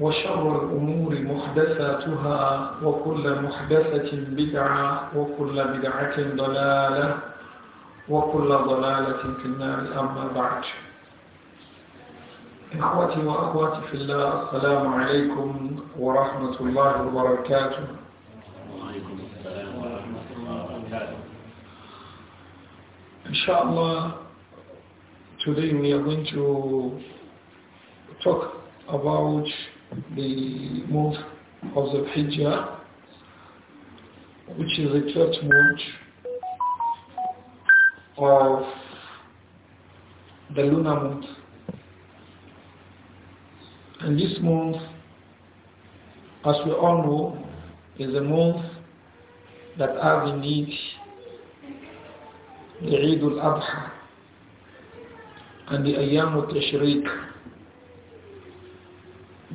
وشر الأمور محدثاتها وكل محدثة بدعة وكل بدعة ضلالة وكل ضلالة في النار أما بعد إخوتي وأخواتي في الله السلام عليكم ورحمة الله وبركاته وعليكم السلام ورحمة الله وبركاته إن شاء الله today we are going to talk about the month of the Hijjah, which is the 12th month of the lunar month. And this month, as we all know, is a month that has in it the Eid al-Adha and the Ayyam al-Tashriq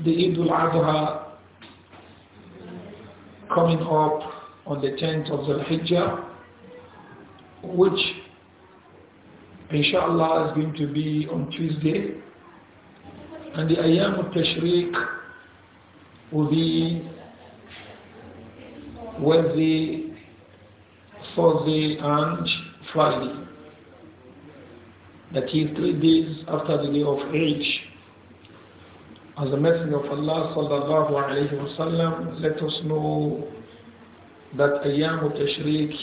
the Eid al-Adha coming up on the 10th of the Hijjah, which inshallah is going to be on Tuesday. And the Ayam al-Tashriq will be Wednesday, Thursday and Friday. That is three days after the day of Eid as the Messenger of Allah sallallahu alayhi wa let us know that أيام تشريك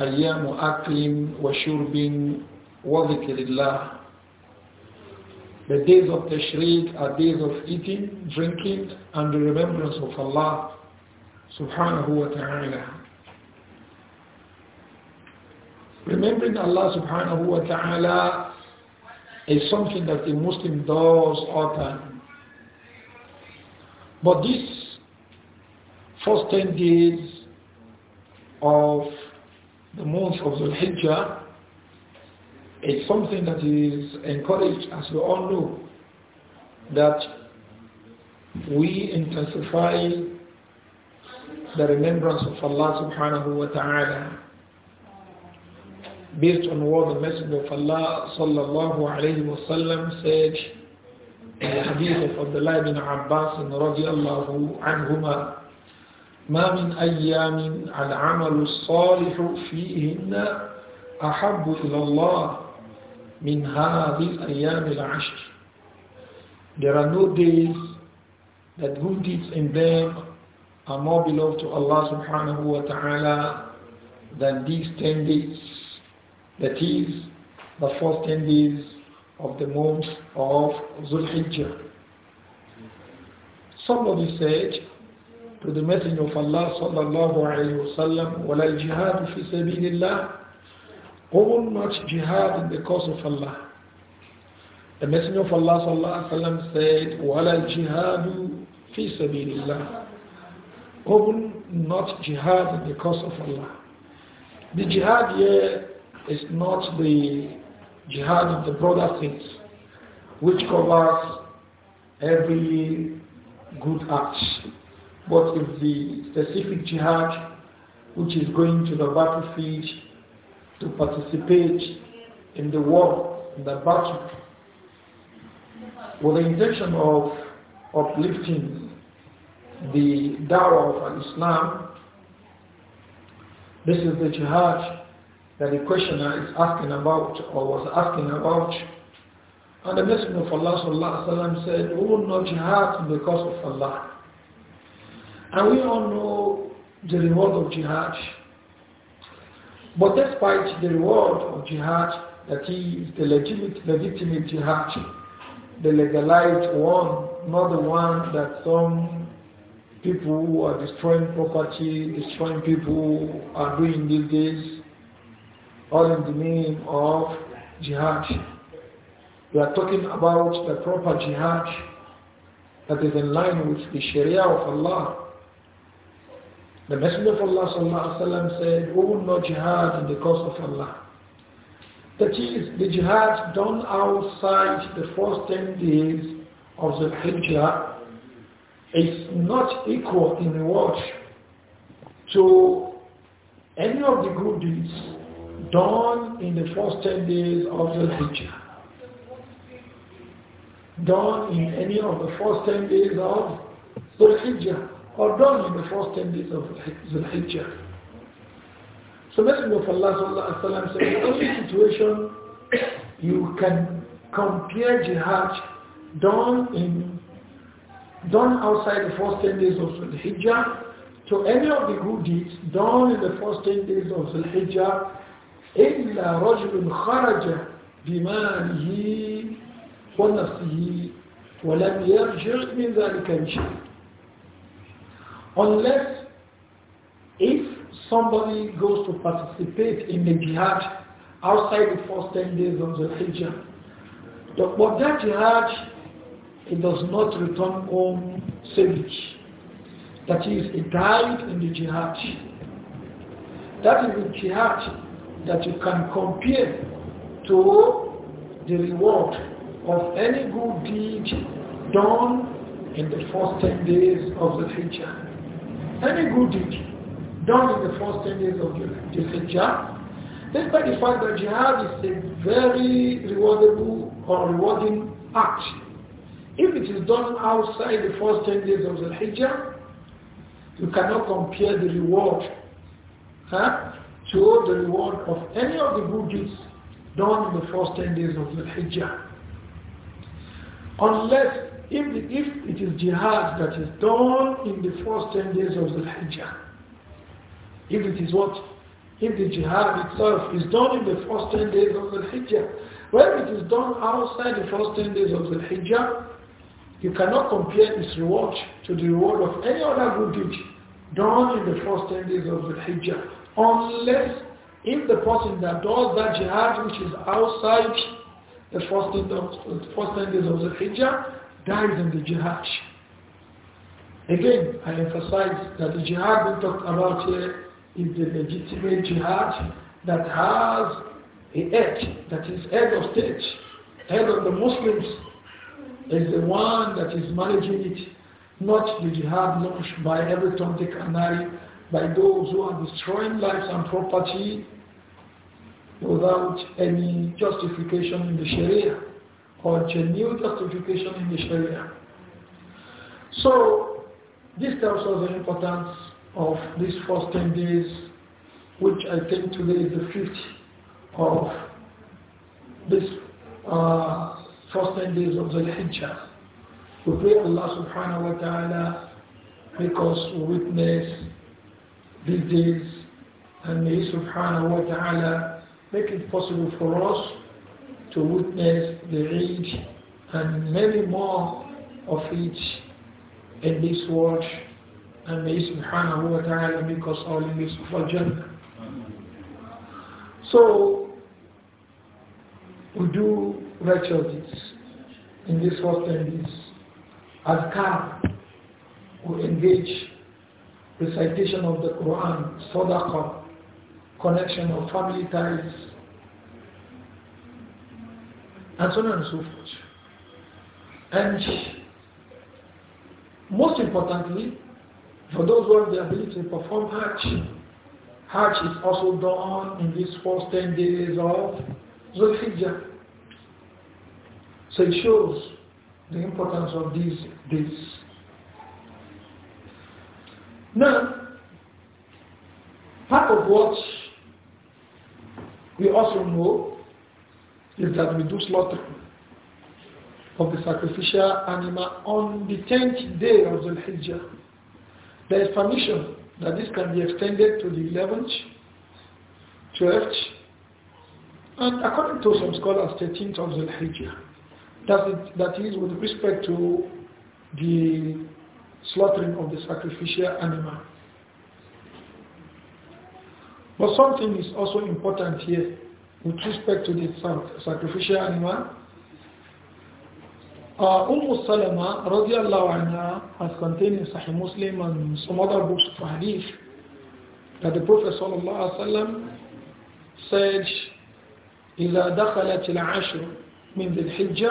أيام أكل وشرب وذكر الله The days of Tashriq are days of eating, drinking and the remembrance of Allah subhanahu wa ta'ala. Remembering Allah subhanahu wa ta'ala is something that a Muslim does all time. But this first 10 days of the month of Dhul Hijjah is something that is encouraged as we all know that we intensify the remembrance of Allah subhanahu wa ta'ala based on what the Messenger of Allah sallallahu alayhi wa sallam said حديث عبد الله بن عباس رضي الله عنهما ما من أيام العمل الصالح فيهن أحب إلى الله من هذه الأيام العشر There are no days that good deeds in them are more beloved to Allah subhanahu wa ta'ala than these 10 days. That is, the first 10 days of the month of Zulhijjah. Somebody said to the Messenger of Allah sallallahu alayhi wa sallam, وَلَا الْجِهَادُ فِي سَبِيلِ اللَّهِ All much jihad in the cause of Allah. The Messenger of Allah sallallahu alayhi wa sallam said, وَلَا الْجِهَادُ فِي سَبِيلِ اللَّهِ Open not jihad in the cause of Allah. The jihad here is not the jihad of the broader faith, which covers every good act. But if the specific jihad, which is going to the battlefield to participate in the war, in the battle, with the intention of uplifting the dawah of Islam, this is the jihad that the questioner is asking about or was asking about. And the Messenger of Allah sallallahu said, "We will not jihad because of Allah." And we all know the reward of jihad. But despite the reward of jihad, that is the legitimate, legitimate jihad, the legalized one, not the one that some people who are destroying property, destroying people are doing these days, all in the name of jihad. We are talking about the proper jihad that is in line with the Sharia of Allah. The Messenger of Allah وسلم, said, Who will not jihad in the cause of Allah? That is, the jihad done outside the first 10 days of the Hijjah is not equal in reward to any of the good deeds done in the first 10 days of the Hijjah. Done in any of the first 10 days of the Hijjah. Or done in the first 10 days of the Hijjah. So Messenger of Allah sallallahu said, the only situation you can compare jihad done in done outside the first 10 days of the Hijjah to any of the good deeds done in the first 10 days of the Hijjah إلا رجل خرج بماله ونفسه ولم يرجع من ذلك unless if somebody goes to participate in the jihad outside the first 10 days of the Hijjah but that jihad it does not return home savage that is he died in the jihad that is the jihad that you can compare to the reward of any good deed done in the first 10 days of the future. Any good deed done in the first 10 days of the future, despite the fact that jihad is a very rewardable or rewarding act. If it is done outside the first 10 days of the Hijjah, you cannot compare the reward huh, to the reward of any of the good deeds done in the first 10 days of the Hijjah. Unless if, if it is jihad that is done in the first 10 days of the Hijjah. If it is what? If the jihad itself is done in the first 10 days of the Hijjah. Well, it is done outside the first 10 days of the Hijjah. You cannot compare its reward to the reward of any other good deed done in the first 10 days of the Hijjah. Unless if the person that does that jihad which is outside the first ten days, first ten days of the Hijjah dies in the jihad. Again, I emphasize that the jihad we talked about here is the legitimate jihad that has a head, that is head of state, head of the Muslims, is the one that is managing it, not the jihad launched by every Tom, Dick, and Harry by those who are destroying lives and property without any justification in the Sharia or genuine justification in the Sharia. So this tells us the importance of these first 10 days, which I think today is the fifth of this uh, first 10 days of the Hijjah. We pray Allah subhanahu wa ta'ala because we witness these days. And may subhanahu wa ta'ala make it possible for us to witness the Eid and many more of it in this world. And may subhanahu wa ta'ala make us all in this for So, we do rituals in this first and this. As we engage recitation of the Quran, sadaqah, connection of family ties, and so on and so forth. And most importantly, for those who have the ability to perform Hajj, Hajj is also done in these first 10 days of Zulhijjah. So it shows the importance of these days. Now, part of what we also know is that we do slaughter of the sacrificial animal on the 10th day of the Hijjah. There is permission that this can be extended to the 11th, 12th, and according to some scholars, 13th of the Hijjah. that is with respect to the slaughtering of the sacrificial animal. But something is also important here with respect to the sacrificial animal. Uh, Umm Salama radiallahu anha has contained in Sahih Muslim and some other books of hadith that the Prophet sallallahu alaihi wasallam said إذا دخلت العشر من ذي الحجة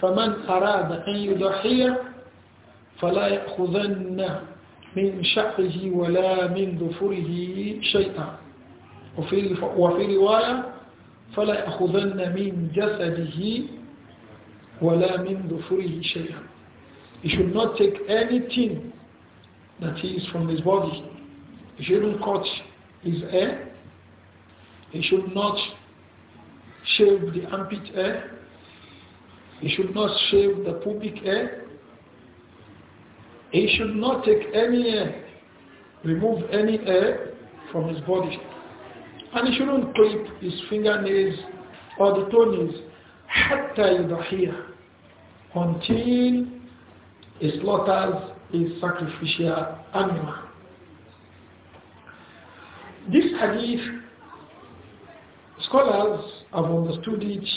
فمن أراد أن يضحي فلا يأخذن من شعره ولا من ظفره شيئا وفي, رواية فلا يأخذن من جسده ولا من ظفره شيئا He should not take anything that is from his body. He shouldn't cut his hair. He should not shave the armpit hair. He should not shave the pubic hair. he should not take any air, uh, remove any air from his body. And he shouldn't clip his fingernails or the toenails حتى يضحيه until he slaughters his sacrificial animal. This hadith, scholars have understood it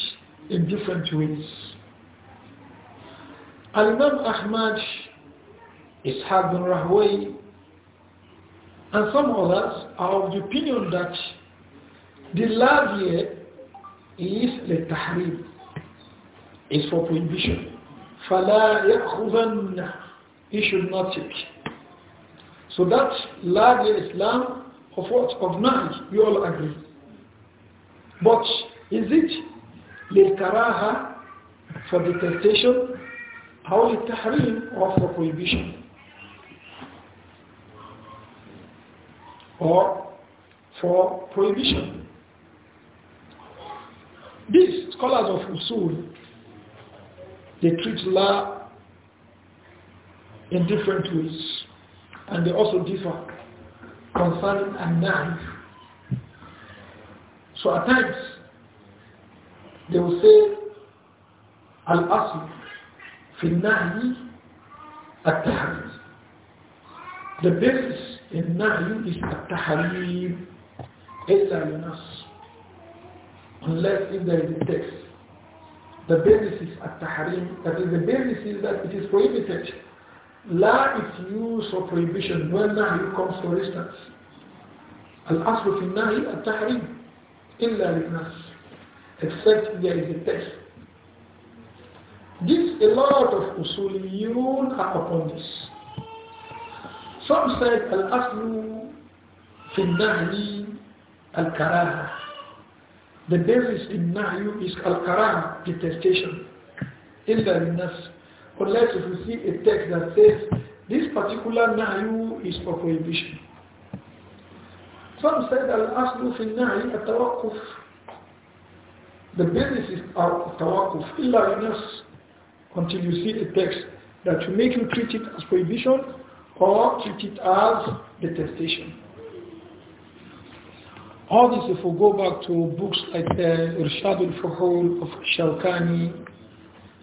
in different ways. Al-Imam Ahmad Ishaq bin Rahway, and some others are of the opinion that the love here is the tahrim, is for prohibition. فَلَا يَأْخُذَنَّ He should not take. So that love is Islam of what? Of knowledge. We all agree. But is it للكراهة for the temptation, or tahrim or for prohibition? or for prohibition. These scholars of Usul, they treat law in different ways and they also differ concerning a knife. So at times, they will say, Al-Asl fi nahi at The basis النهي is التحريم إلا لنص unless if there is a text. The basis is that that is the basis is that it is prohibited. La its use or prohibition when نهي comes for instance. الأصل في tahrim illa إلا للنص except there is a text. This a lot of usuliyun are upon this. Some said al-aslu fi nahyi al karah. The basis in nahyu is al karah detestation. Illa Unless if you see a text that says this particular nahyu is for prohibition. Some said al-aslu fi nahyi al-tawakkuf. The basis is al-tawakkuf. Illa nas Until you see a text that will make you treat it as prohibition or treat it as detestation. All this, if we go back to books like the uh, Irshad al-Fuhul of Shalkani,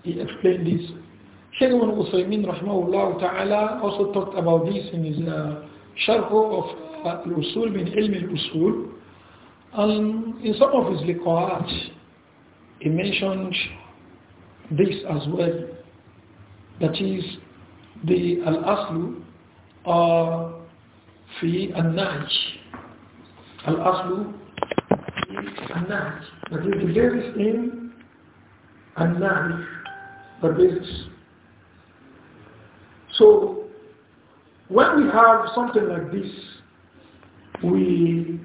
he explained this. Shaykh Al Usaymin rahimahullah ta'ala also talked about this in his uh, of uh, Al-Usul min Ilm al-Usul. And in some of his liqa'at, he mentioned this as well. That is the al-aslu في النهج الأصل في النهج that is the basis in النهج the business. so when we have something like this we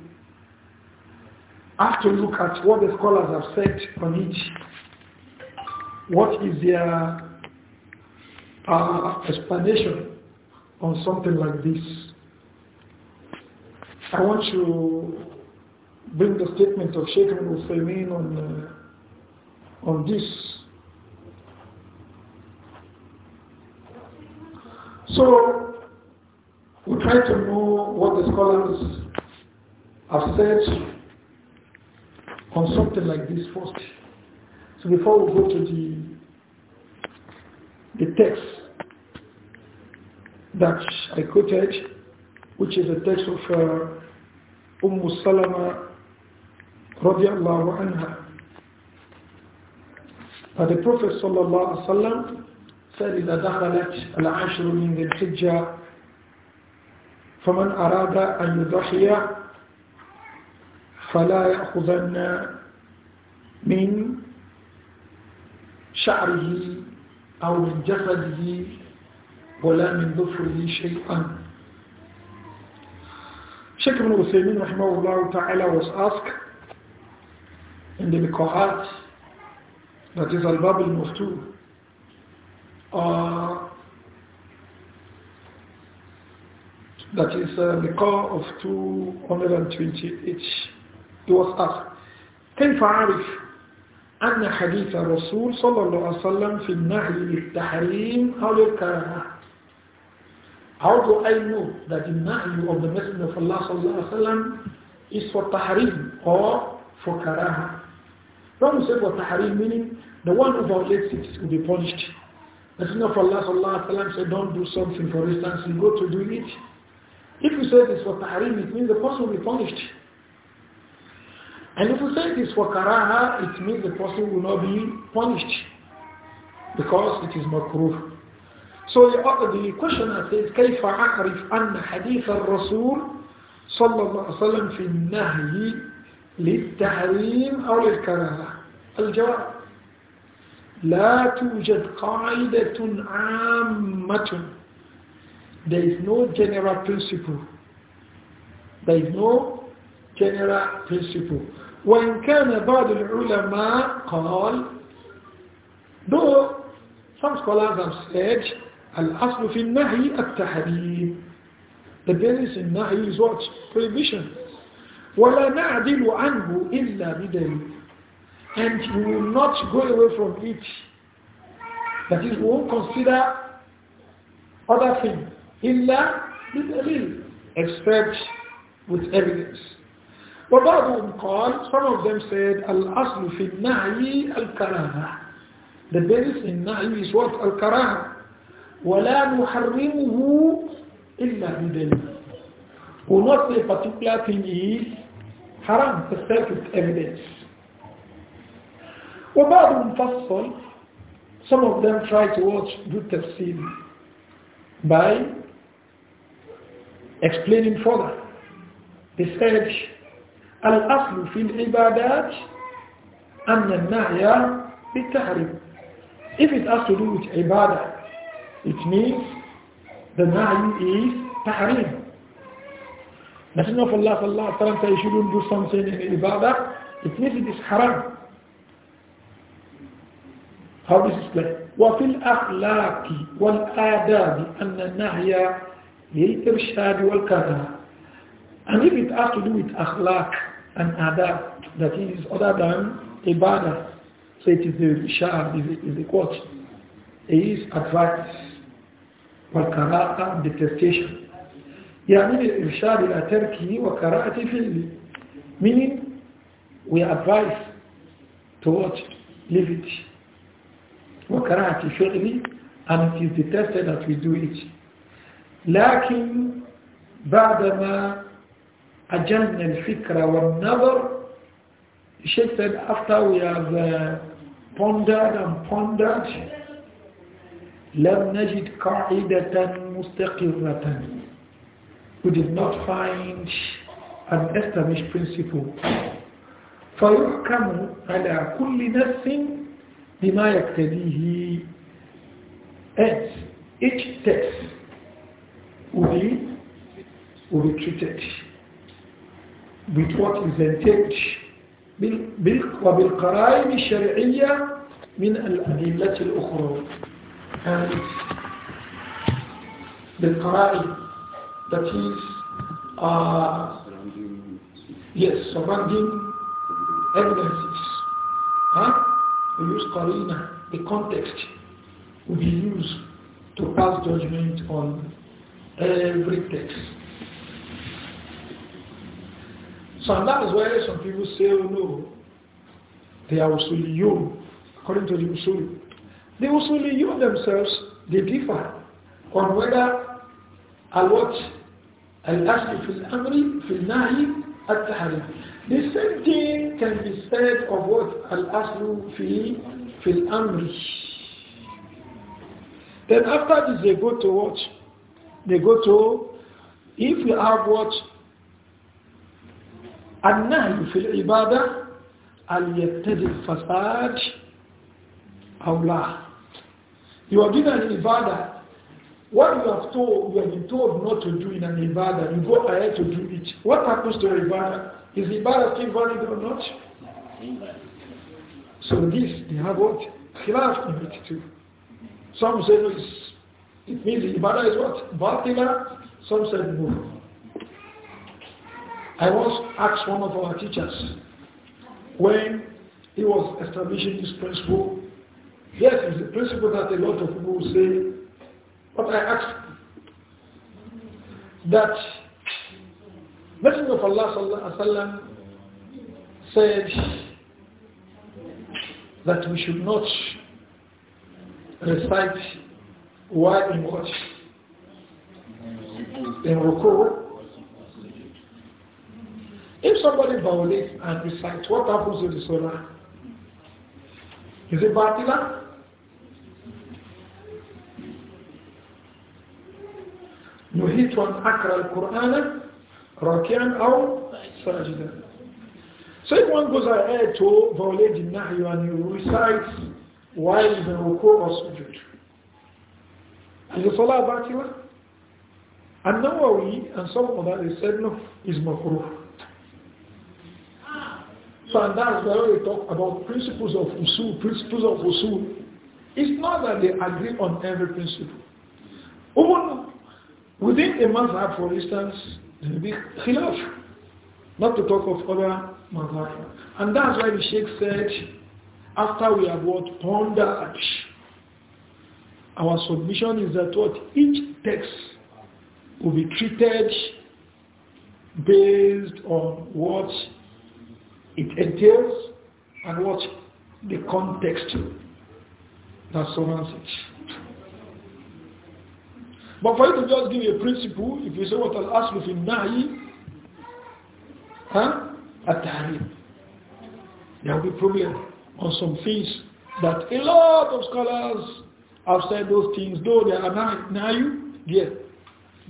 have to look at what the scholars have said on it what is their uh, explanation on something like this. I want to bring the statement of Sheikh al-Uthaymeen on, uh, on this. So, we try to know what the scholars have said on something like this first. So before we go to the, the text, that I quoted, which is a text of uh, Umm Salama radiallahu anha. But the Prophet sallallahu alayhi wa sallam said, إذا دخلت العشر من ذي الحجة فمن أراد أن يضحي فلا يأخذن من شعره أو من جسده ولا من ظفره شيئا Sheikh Ibn رحمه الله تعالى was asked in the Miqa'at that is Al-Bab al-Muftu uh, that is uh, Miqa'at of 228 he was asked كيف أعرف أن حديث الرسول صلى الله عليه وسلم في النهي للتحريم أو للكراهة How do I know that the na'yu of the Messenger of Allah sallallahu alayhi wa is for tahrim or for karaha? When we say for tahrim, meaning the one who our it will be punished. Messenger of Allah sallallahu alayhi wa said, don't do something, for instance, you go to do it. If you say this for tahrim, it means the person will be punished. And if you say this for karaha, it means the person will not be punished because it is makruh. So the, questioner says, كيف أعرف أن حديث الرسول صلى الله عليه وسلم في النهي للتحريم أو للكراهة؟ الجواب لا توجد قاعدة عامة There is no general principle. There is no general principle. وإن كان بعض العلماء قال though some scholars have said الأصل في النهي التحريم The basis in nahi is what? Prohibition. وَلَا نَعْدِلُ عَنْهُ إِلَّا بِدَلِيلٍ And we will not go away from it. That is, we won't consider other thing. إِلَّا بِدَلِيلٍ Except with evidence. وبعضهم قال some of them said الأصل في النهي الكراهة the basis in nahi is what الكراهة وَلَا نُحَرِّمُهُ إِلَّا بِدَلِيلٍ say particular thing is haram except with evidence. وَبَعْضُ مُفَصَّلٍ Some of them try to watch do tafsir by explaining further. They said, الأصل في العبادات أن النهي بالتحريم. If it has to do with ibadah, it means the nahi is ta'rim. Messenger of Allah Allah, alayhi wa you shouldn't do something in ibadah. It means it is haram. How this is clear. وفي الأخلاق والآداب أن النهي للإرشاد والكذا. And if it has to do with akhlaq and adab, that is other than ibadah, so it is the irshad, is, is the quote, it is advice. والقراءة بالتستيشن يعني الإرشاد إلى تركه وقراءة فعله meaning we advise to watch leave it وقراءة فعله and it is test that we do it لكن بعدما أجلنا الفكرة والنظر الشيخ said after we have uh, pondered and pondered لم نجد قاعدة مستقرة we did not find an established principle فيحكم على كل نفس بما يقتديه at each text will be, will be treated with what is intended وبالقرائن الشرعية من الأدلة الأخرى and the pride that is, uh, yes, surrounding evidences. Huh? We use Karina, the context will be used to pass judgment on every text. So that is why some people say, oh no, they are you, according to the usul. They also Usuliyun themselves, they differ on whether al-wat al-asli fil amri fil nahi al-tahrim. The same thing can be said of what al-aslu fil fil amri. Then after this they go to what? They go to, if you have what? al في العبادة أن al الفساد أو لا you are given an ibadah. What you have told, you have been told not to do in an ibadah, you go ahead to do it. What happens to ibadah? Is ibadah still valid or not? So this, they have what? Khilaf in it too. Some say no, it means ibadah is what? Batila. Some say no. I once asked one of our teachers when he was establishing this principle Yes, it's a principle that a lot of people say, but I ask that Messenger of Allah sallam, said that we should not recite why in what? In ruku. If somebody violates and recites, what happens to the salah? Is it batila? نهيت أن أقرأ القرآن راكعا أو ساجدا So if one goes ahead to violate the Nahi and you recite while in ruku or sujud, is the Salah batila? And Nawawi and some others they said no, is makruh. So and that's where we talk about principles of usul, principles of usul. It's not that they agree on every principle. Even Within a mazhab, for instance, there will be khilaf, not to talk of other mazhab. And that's why the Sheikh said, after we have what pondered, our submission is that what each text will be treated based on what it entails and what the context that surrounds it. But for you to just give a principle, if you say what al aslu you nahi, huh? at tahrim. There will be problem on some things that a lot of scholars have said those things, though they are not nahi, yes.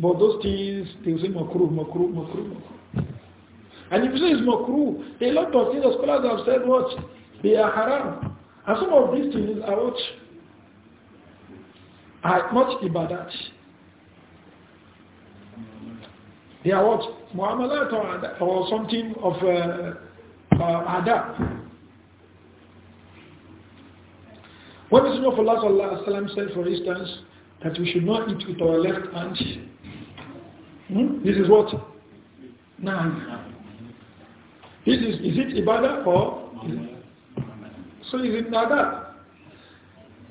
But those things, they say makruh, makruh, makruh, makruh. And if you say it's makruh, a lot of these scholars have said what? They are haram. And some of these things are what? Are much ibadat. They are what? Mu'amalat or, something of uh, uh, adab. When Messenger of Allah said, for instance, that we should not eat with our left hand, hmm? this is what? Nah. This is, is it ibadah or? So is it adab?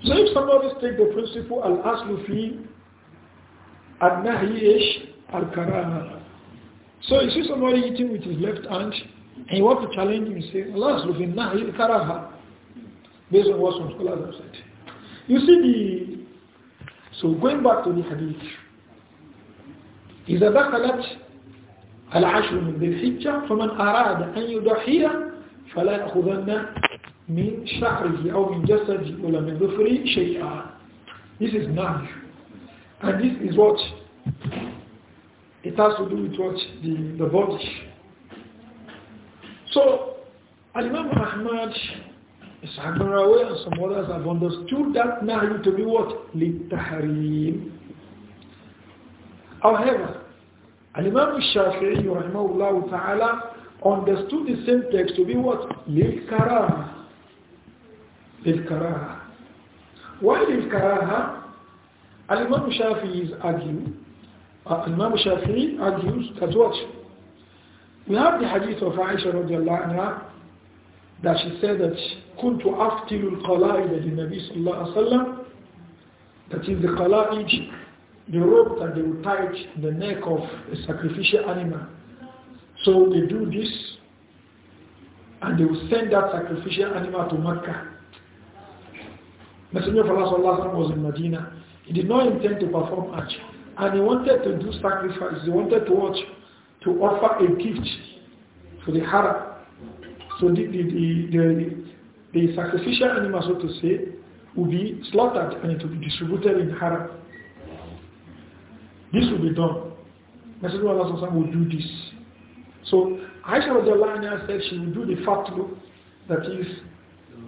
So if somebody take the principle al-aslu fi al-nahyi al-karama so you see somebody eating with his left hand, and you want to challenge him, say, Allah is looking now, he karaha, based on what some scholars have said. You see the, so going back to the hadith, إذا دخلت العشر من ذي الحجة فمن أراد أن يضحي فلا يأخذن من شعره أو من جسده ولا من ظفره شيئا. This is nahj. And this is what it has to do with what? The, the body. So, Imam Ahmad, Saharawi and some others have understood that Nahyu to be what? Littaharim. However, Imam Shafi'i, rahimahullah ta'ala, understood the same text to be what? Lil-karaha. Why Lil-karaha? imam Shafi'i is arguing uh, Imam Shafi'i argues that what? We have the hadith of Aisha radiallahu anha that she said that كنت أفتل القلائد للنبي صلى الله عليه وسلم that is the qalaid, the rope that they would tie the neck of a sacrificial animal. So they do this and they will send that sacrificial animal to Mecca. Messenger of Allah was in Medina. He did not intend to perform Hajj. And he wanted to do sacrifice. He wanted to watch, to offer a gift for the hara. So the, the, the, the, the sacrificial animal, so to say, will be slaughtered and it will be distributed in hara. This will be done. Messenger of Allah will do this. So Aisha Rajalanya said she will do the fatwa, that is,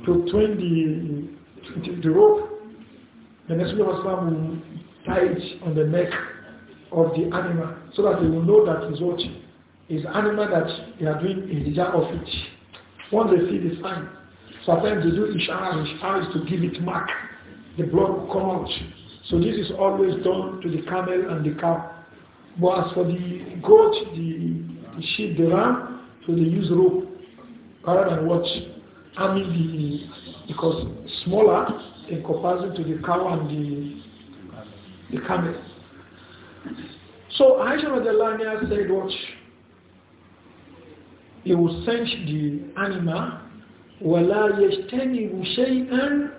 to twine the, the, the rope. The Messenger of Allah will tie it on the neck of the animal so that they will know that his what is animal that they are doing a desire of it. Once they see the sign, sometimes they do ishara, ishara is to give it mark. The blood will come out. So this is always done to the camel and the cow. But as for the goat, the, the sheep, the ram, so they use rope rather than watch. I mean the because smaller in comparison to the cow and the the camel. So Aisha Radhalania said what? He will send the animal وَلَا يَجْتَنِبُ شَيْئًا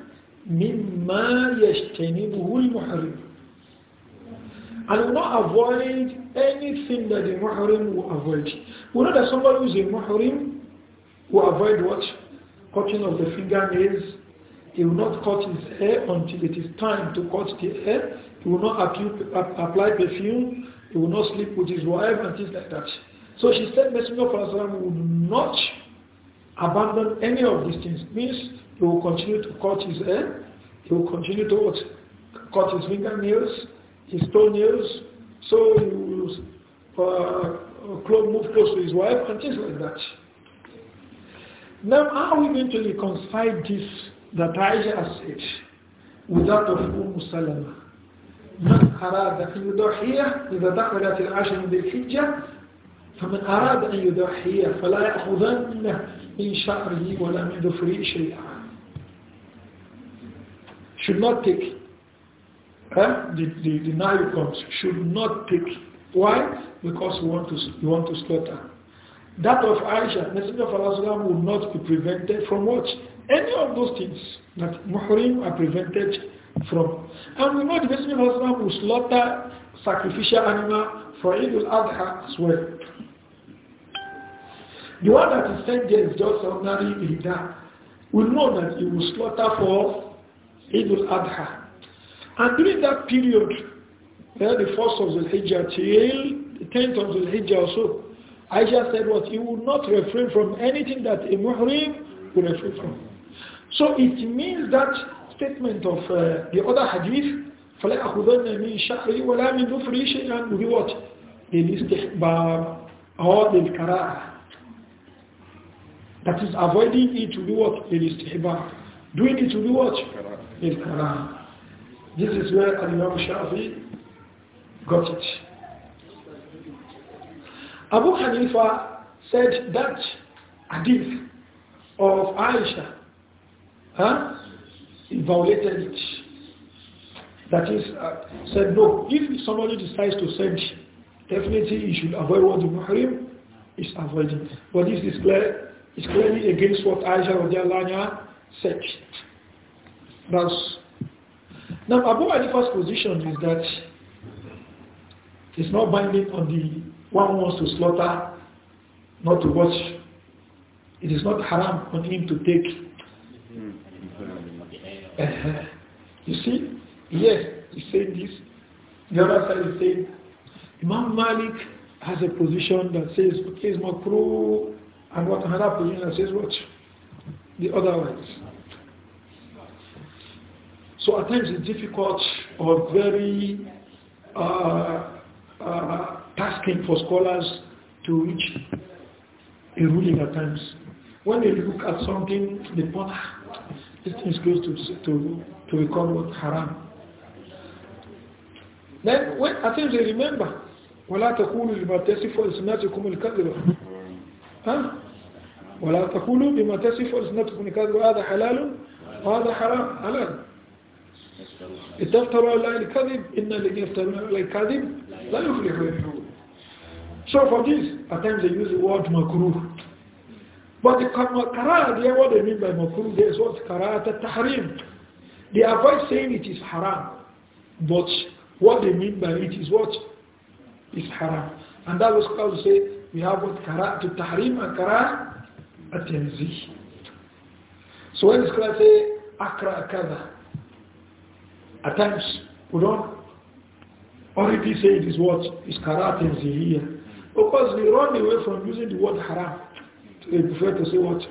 مِمَّا يَجْتَنِبُهُ الْمُحْرِمُ and will not avoid anything that the muhrim will avoid. We know that somebody who is a muhrim will avoid what? Cutting of the fingernails. He will not cut his hair until it is time to cut the hair he will not apply perfume, he will not sleep with his wife and things like that. So she said Messenger of Allah would not abandon any of these things. Means he will continue to cut his hair, he will continue to what? cut his fingernails, his toenails, so he will uh, uh move close to his wife and things like that. Now how are we going to reconcile this that Aisha has said with that of Umm Salama? من أراد أن يضحيه إذا دخلت العشر من الحجة فمن أراد أن يضحيه فلا يأخذن من شعره ولا من شيئا should not take huh? the, the, the Nile comes should not take why? because you want to, you want to slaughter that of Aisha Messenger of Allah will not be prevented from what? any of those things that muhrim are prevented from. And we know the Messenger of Allah will slaughter sacrificial animal for Eid al-Adha as well. The one that is sent there is just ordinary leader. We know that he will slaughter for Eid al-Adha. And during that period, eh, the first of the Hijjah till the tenth of the Hijjah also, Aisha said what? He will not refrain from anything that a Muhrim will refrain from. So it means that statement of uh, the other hadith, فَلَا أَخُذَنَّ مِنْ شَعْرِي وَلَا مِنْ نُفْرِي شَيْئًا will be what? The istihbab or the karah. That is avoiding it to do what? The istihbab. Doing it to do what? The karah. This is where Imam Shafi got it. Abu Hanifa said that hadith of Aisha huh? he violated it. That is, uh, said no. If somebody decides to send, definitely he should avoid what the muhrim is avoiding. But this is clear, It's clearly against what Aisha Radiallahu said. Thus, now Abu Hanifa's position is that it's not binding on the one who wants to slaughter, not to watch. It is not haram on him to take uh-huh. you see, yes, he said this. The other side is saying, Imam Malik has a position that says, okay, it's makruh, and what another position that says what? The other ones. So at times it's difficult or very uh, uh, tasking for scholars to reach a ruling at times. When they look at something, they ponder ah, this is going to, to, to become what? Haram. Then, when, I think they remember, ولا تقولوا لما تصف ألسنتكم الكذب ها ولا تقولوا بما تصف ألسنتكم الكذب هذا حلال وهذا حرام حلال تفتروا على الكذب إن الذين يفترون على الكذب لا يفلحون So for this, at times they use the word makruh. But the kara'ah there, what they mean by makruh there is what kara'at tahrim. They avoid saying it is haram. But what they mean by it is what? Is haram. And that was how to say we have what to tahrim and kara'at tanzih. So when scholars say akra kada, at times we don't already say it is what? Is kara'at tanzihiyah. Because we run away from using the word haram. They prefer to say what?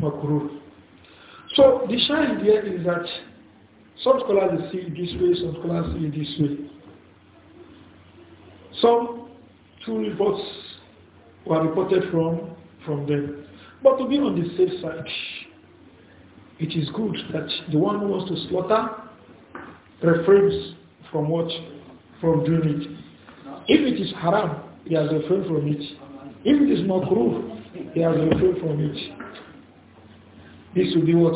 makuru. So the shahid here is that some scholars see it this way, some scholars see it this way. Some two reports were reported from, from them. But to be on the safe side, it is good that the one who wants to slaughter refrains from what? From doing it. If it is haram, he has refrained from it. If it is makruh, he has refrained from it. This will be what?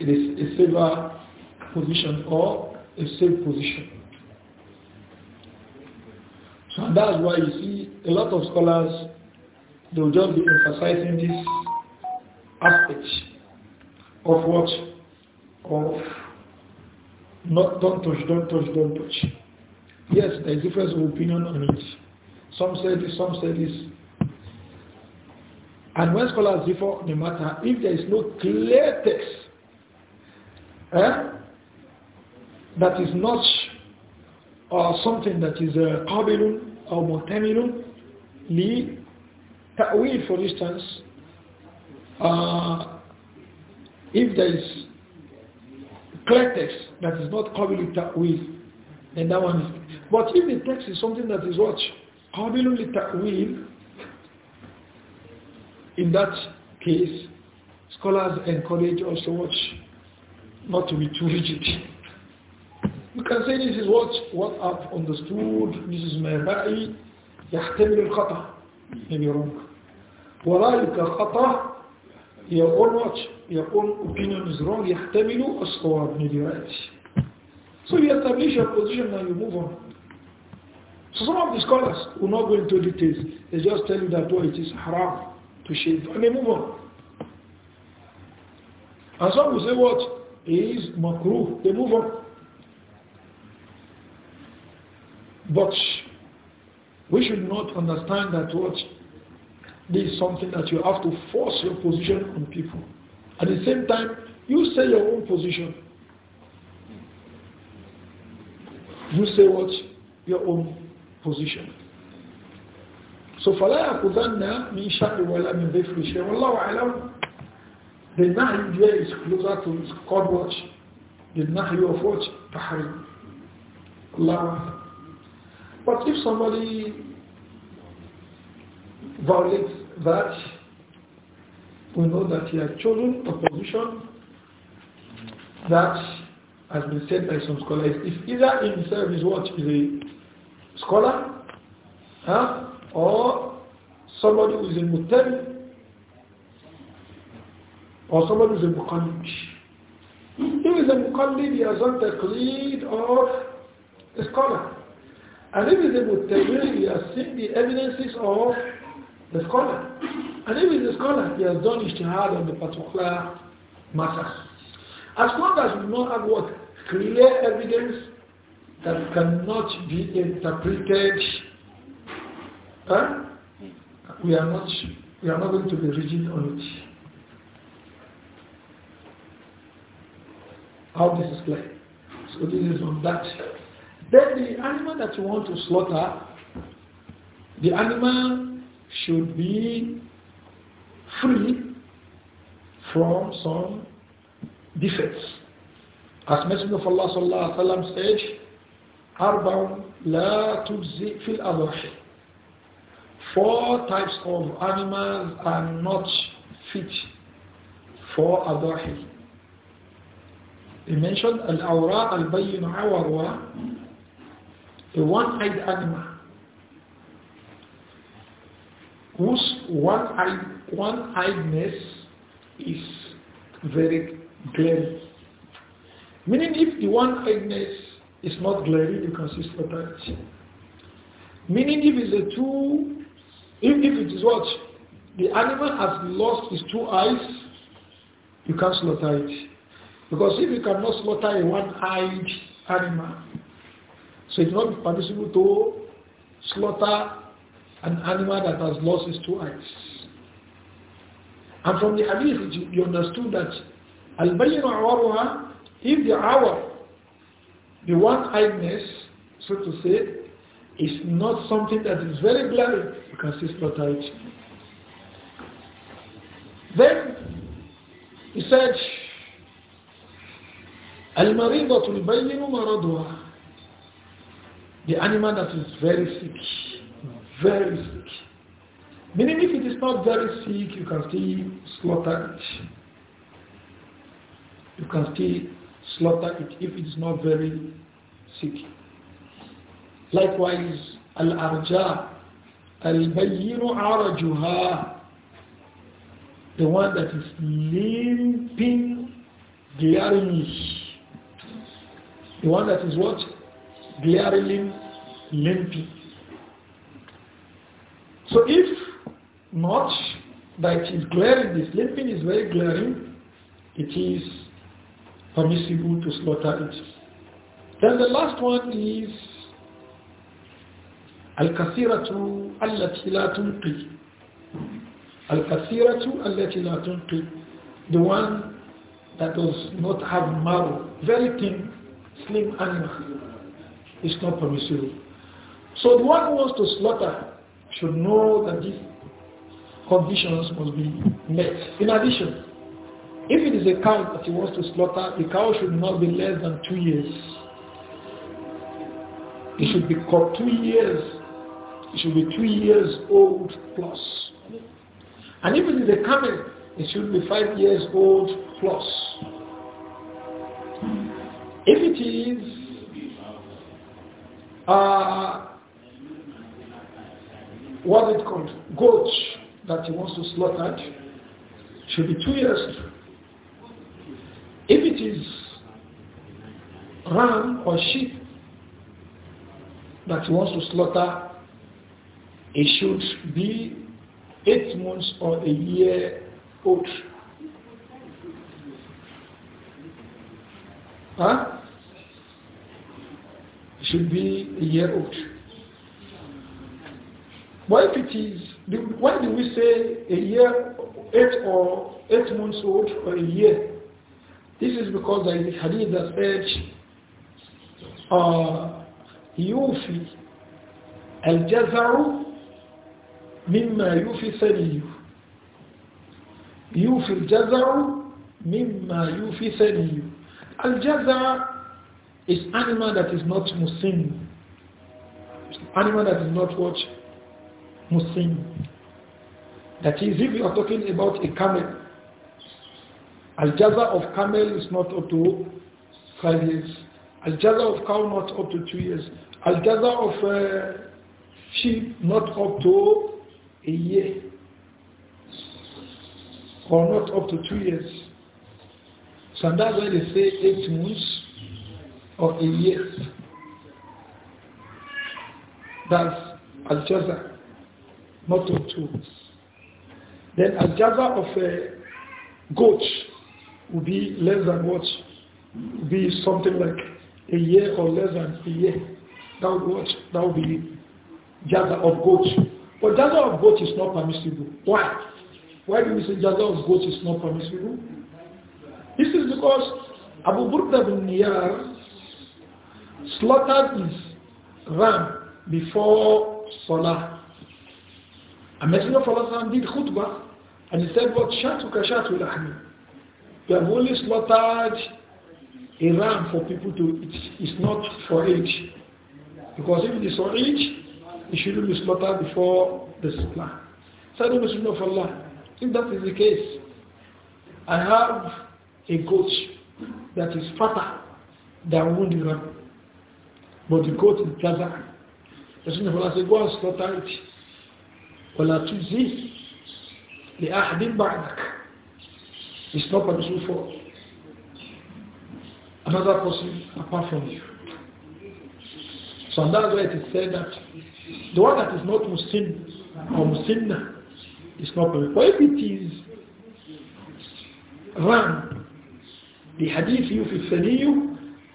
It is a safer position or a safe position. So that's why you see a lot of scholars, they'll just be emphasizing this aspect of what? Of not don't touch, don't touch, don't touch. Yes, there is difference of opinion on it. Some say this, some say this. And when scholars differ on the matter, if there is no clear text eh, that is not or something that is eh, qabilun or muhtamilun li ta'wil for instance uh, if there is clear text that is not qabilun ta'wil then that one is but if the text is something that is what qabilun li ta'wil in that case, scholars encourage us to watch, not to be too rigid. You can say this is what, what I've understood, this is my ra'i, يحتمل الخطأ, maybe wrong. ورأيك خطأ, your own watch, your own opinion is wrong, يحتمل الصواب, maybe right. So you establish your position and you move on. So some of the scholars will not go into details. They just tell you that what oh, it is haram appreciate it. I may move on. And some will say what? Is makruh. They move on. But we should not understand that what this is something that you have to force your position on people. At the same time, you say your own position. You say what? Your own position. So فَلَا يَقُذَنَّ مِنْ شَرِّ وَلَا مِنْ ذِكْرِ شَيْءٍ وَاللَّهُ أَعْلَمُ The nahi there is closer to his cord watch, The nahi of what? Tahrim. Allah. But if somebody violates that, we know that he has chosen a position that has been said by some scholars. If either in service watch is a scholar, huh? or somebody who is a muttabi or somebody who is a muqallid. If is a muqallid, he has not creed of a scholar. And if he is a muttabi, he has seen the evidences of the scholar. And if he is a scholar, he has done ijtihad on the particular matter. As long as we don't have what? Clear evidence that cannot be interpreted Huh? We are not we are not going to be rigid on it. How this is clear. So this is on that. Then the animal that you want to slaughter, the animal should be free from some defects. As Messenger of Allah sallallahu alaihi wasallam said, "Arba'un la tujzi fil adhahi." four types of animals are not fit for adahi. He mentioned al-awra al-bayyin awarwa, a one-eyed animal whose one-eyed, one-eyedness is very glaring. Meaning if the one-eyedness is not glaring, you can see totality. Meaning if it's a two if, if it is what? The animal has lost its two eyes, you can't slaughter it. Because if you cannot slaughter a one-eyed animal, so it's not permissible to slaughter an animal that has lost its two eyes. And from the hadith, you, you understood that al-bayyinu awaruha, if the hour, the one-eyedness, so to say, is not something that is very glaring, can see slaughter it. Then he said, Al-Maridat al maradwa. The animal that is very sick, very sick. Meaning if it is not very sick, you can still slaughter it. You can still slaughter it if it is not very sick. Likewise, al-arja, البين عرجها the one that is limping glaring. the one that is what glaring, limping so if not that is glaring this limping is very glaring it is permissible to slaughter it then the last one is al-kathiratu التي لا تنقي الكثيرة التي لا تنقي the one that does not have marrow very thin slim animal is not permissible so the one who wants to slaughter should know that these conditions must be met in addition if it is a cow that he wants to slaughter the cow should not be less than two years it should be caught two years it should be three years old plus. And if it is a camel, it should be five years old plus. If it is uh, what it called goat that he wants to slaughter, should be two years. If it is ram or sheep that he wants to slaughter, it should be eight months or a year old. Huh? It should be a year old. Why? if it is, why do we say a year, eight or eight months old or a year? This is because there is a hadith that says, uh, يوفي الجزر مما يوفي ثري يوفي الجزع مما يوفي ثري الجزع is animal that is not muslim animal that is not what muslim that is if you are talking about a camel Al-Jaza of camel is not up to five years. Al-Jaza of cow not up to two years. Al-Jaza of uh, sheep not up to a year or not up to two years. So that's why they say eight months or a year. That's aljaza, not of two. Then aljaza of a uh, goat would be less than what? Would be something like a year or less than a year. That would, That would be Jaza of goat. But jaza of goat is not permissible. Why? Why do we say jaza of goat is not permissible? This is because Abu Burda bin Niyar slaughtered his ram before Salah. A messenger of Allah did khutbah and he said, What shatuka shatu lahmi? You have only slaughtered a ram for people to eat. It's not for age. Because if it is for age, he shouldn't be slaughtered before the Sunnah. Said the Messenger of Allah, if that is the case, I have a goat that is fatter than wounded. ram, but the goat is pleasant. The Messenger of Allah said, go and slaughter it. ولا the Ahadim بعدك. It's not permissible for another person apart from you. So that's why it is said that the one that is not Muslim or Muslimna is not permitted. But if it is ram, the hadith يوفي الثني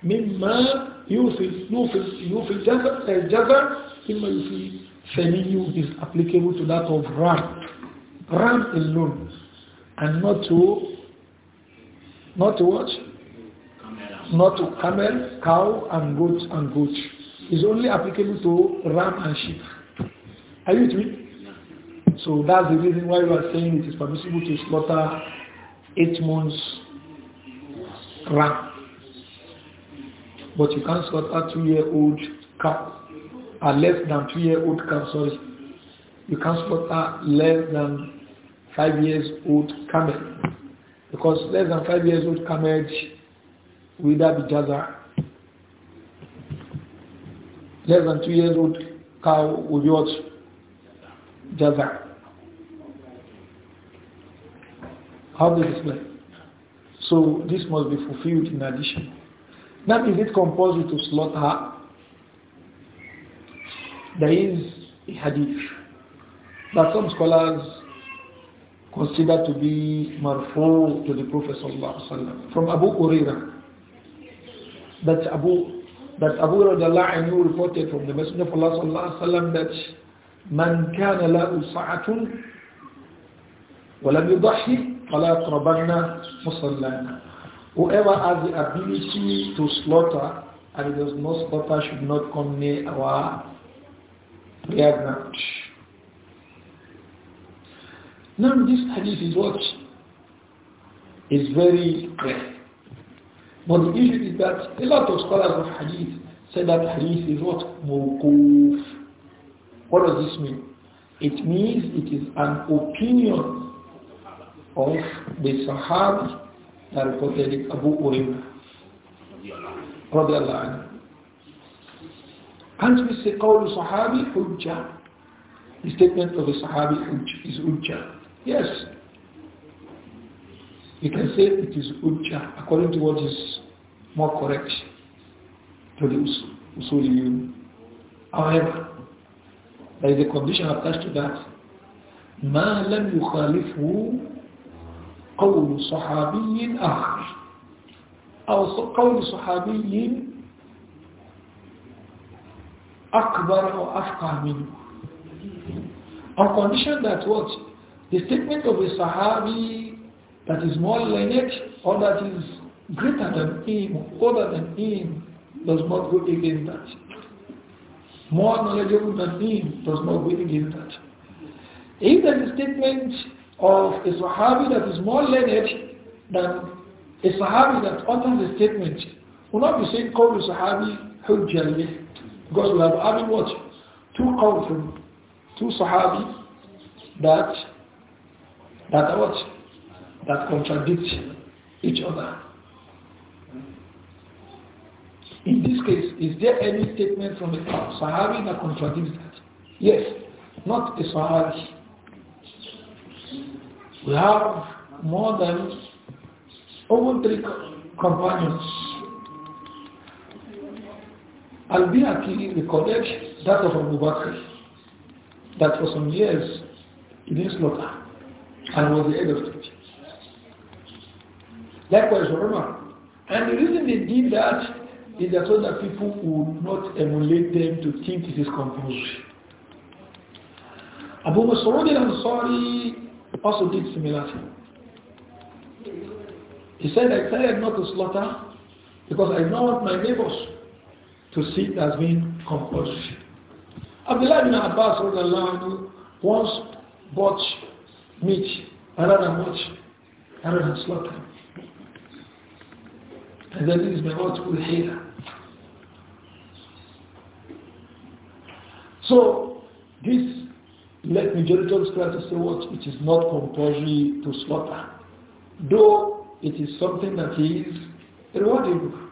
مما يوفي يوفي الجزر you uh, يوفي الثني is applicable to that of ram. Ram alone and not to not to what? Not to camel, cow and goat and goat is only applicable to ram and sheep. Are you with me? So that's the reason why we are saying it is permissible to slaughter eight months ram. But you can't slaughter two-year-old cow, or uh, less than two-year-old cow, sorry. You can't slaughter less than five years old camel. Because less than five years old camel will either be jaza less than two years old cow will be what? Jaza. How does this play? So this must be fulfilled in addition. Now is it compulsory to slaughter? There is a hadith that some scholars consider to be marfu to the Prophet from Abu Uraira that Abu that Abu Radallahu reported from the Messenger of Allah sallallahu alaihi wasallam that من كان له سعة ولم يضحي فلا يقربن مصلانا Whoever has the ability to slaughter and does not slaughter should not come near our prayer ground. Now this hadith is what is very clear. But the issue is that a lot of scholars of hadith say that hadith is what? Mawquf. What does this mean? It means it is an opinion of the Sahabi that reported it, Abu Urim. And we say, قول Sahabi Hujjah. The statement of the Sahabi is Hujjah. Yes, you can say it is Ujja according to what is more correct to the Usuli. However, there is a condition attached to that. ما لم يخالفه قول صحابي آخر أو قول صحابي أكبر أو أفقه منه On condition that what? The statement of a Sahabi that is more lenient or that is greater than him, older than him, does not go against that. More knowledgeable than him does not go against that. If there is a statement of a Sahabi that is more learned than a Sahabi that utters the statement, will not be saying call the Sahabi Hujjali, because we have having what? Two qawfim, two Sahabi that, that are what? that contradict each other. In this case, is there any statement from the Sahabi that contradicts that? Yes, not a Sahabi. We have more than over three companions. Al-Biaki recorded that of Abu Bakr, that for some years he didn't slaughter and was the head of Likewise, Umar. And the reason they did that is that so that people would not emulate them to think it is compulsory. Abu Mas'ud al-Ansari also did similar thing. He said, I tried not to slaughter because I don't want my neighbors to see it as being compulsory. Abdullah bin Abbas once bought meat rather than watch, rather than slaughter. And that is by what here. So, this let me just try to say what? It is not compulsory to slaughter. Though it is something that is rewardable.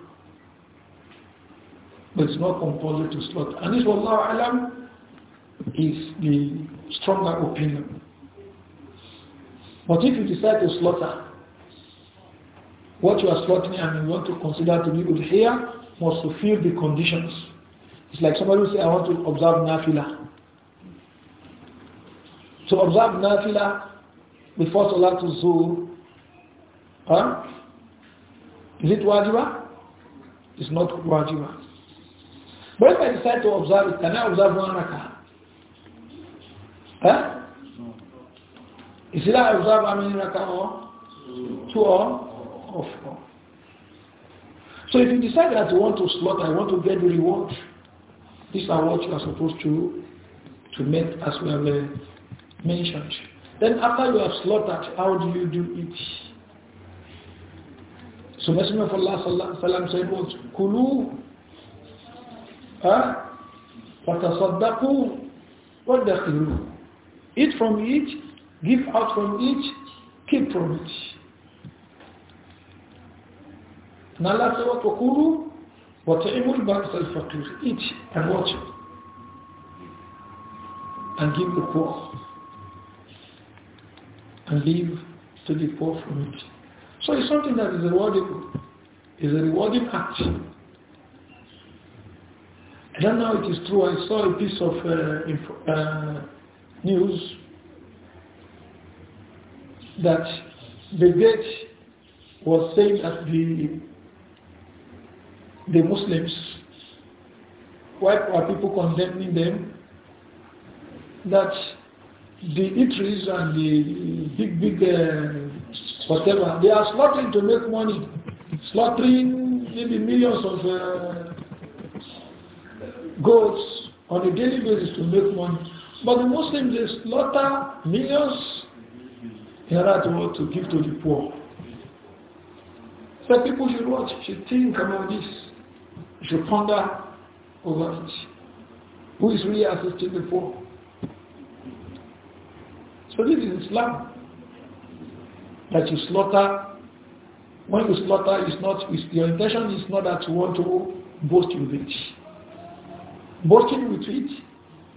But it's not compulsory to slaughter. And this, Wallahu Alam, is the stronger opinion. But if you decide to slaughter, what you are slaughtering and you want to consider to be here, must fulfill the conditions. It's like somebody will say, I want to observe nafila. To observe nafila before Salah to Zuhr, huh? is it wajiba? It's not wajiba. But if I decide to observe it, can I observe one rakah? Huh? Is it I observe how many rakah or? Two or? off now. So if you decide that you want to slaughter, you want to get the reward, these are what you are supposed to to make as we have uh, mentioned. Then after you have slaughtered, how do you do it? So Messenger of Allah sallam, said was, Kulu وَتَصَدَّقُوا وَدَّخِلُوا Eat from each, give out from each, keep from each." And Allah said, what? وَكُلُوا وَتَعِمُوا الْبَعْثَ الْفَقِيرِ each and watch it. And give the poor. And leave to the poor from it. So it's something that is rewarding. is a rewarding act. I don't know it is true. I saw a piece of uh, uh, news that the Gates was saying at the the Muslims? Why are people condemning them? That the eateries and the big, big uh, whatever, they are slaughtering to make money. Slaughtering maybe millions of uh, goats on a daily basis to make money. But the Muslims, they slaughter millions in order to, to give to the poor. So people should watch, should think about this. You should ponder over it. Who is really assisting the poor? So this is Islam. That you slaughter, when you slaughter, is not, it's, your intention is not that you want to boast your it. Boasting with it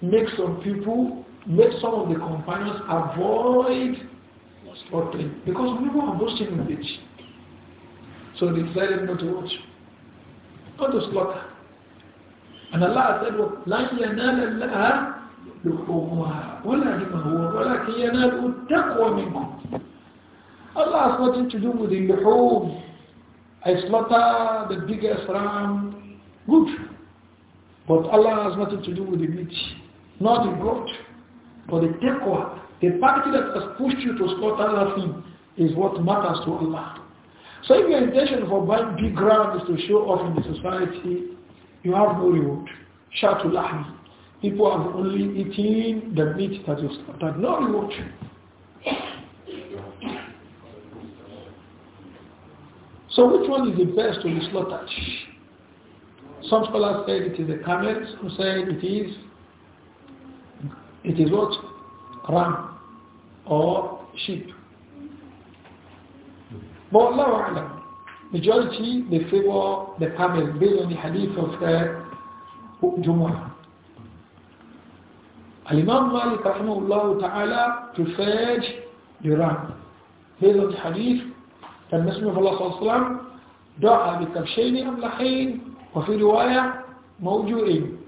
makes some people, makes some of the companions avoid slaughtering because people are boasting with it. So they decided not to watch not to slaughter. And Allah said, لَنْ يَنَالَ اللَّهَ لُحُومُهَا وَلَا دِمَهُوَ وَلَكِنْ يَنَالُ التَّقْوَى مِنْكُمْ Allah has nothing to do with the luhum. I the biggest ram, good. But Allah has nothing to do with the meat, not the goat, but the taqwa. The party that has pushed you to slaughter that thing is what matters to Allah. So if your intention for buying big ground is to show off in the society, you have no reward. Shatul People are only eating the meat that you slaughtered. No reward. So which one is the best to be slaughtered? Some scholars said it is the camel, some said it is it is what? Ram or sheep. ما الله اعلم به جای چی به سه با به پمل بدونی حدیث افته جمعه الامام مالک رحمه الله تعالی تو فج جران بدون حدیث تم نسمه الله صلی الله علیه وسلم دعا بکبشین املحین وفي رواية موجودين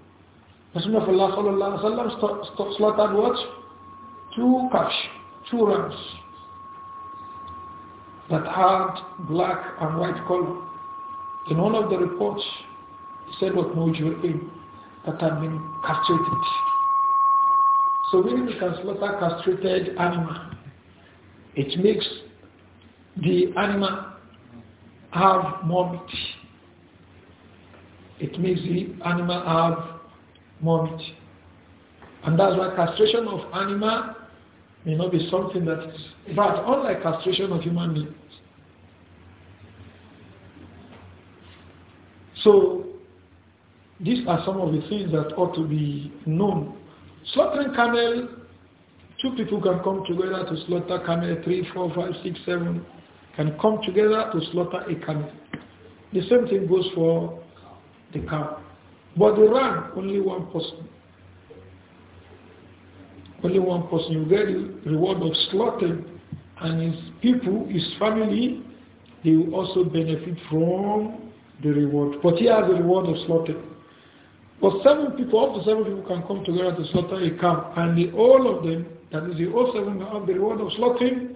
بسم الله صلى الله عليه وسلم استقصلت الوجه تو قفش تو رمز that had black and white color. In one of the reports, he said what Mujurim that had been castrated. So when you can slaughter castrated animal, it makes the animal have more meat. It makes the animal have more meat. And that's why castration of animal may not be something that is bad, unlike castration of human beings. So, these are some of the things that ought to be known. Slaughtering camel, two people can come together to slaughter camel, three, four, five, six, seven, can come together to slaughter a camel. The same thing goes for the cow. But the ram, only one person. Only one person. You get the reward of slaughtering and his people, his family, they will also benefit from the reward. But he has the reward of slaughter. But seven people, up to seven people can come together to slaughter a calf, and the, all of them, that is the all seven, have the reward of slaughtering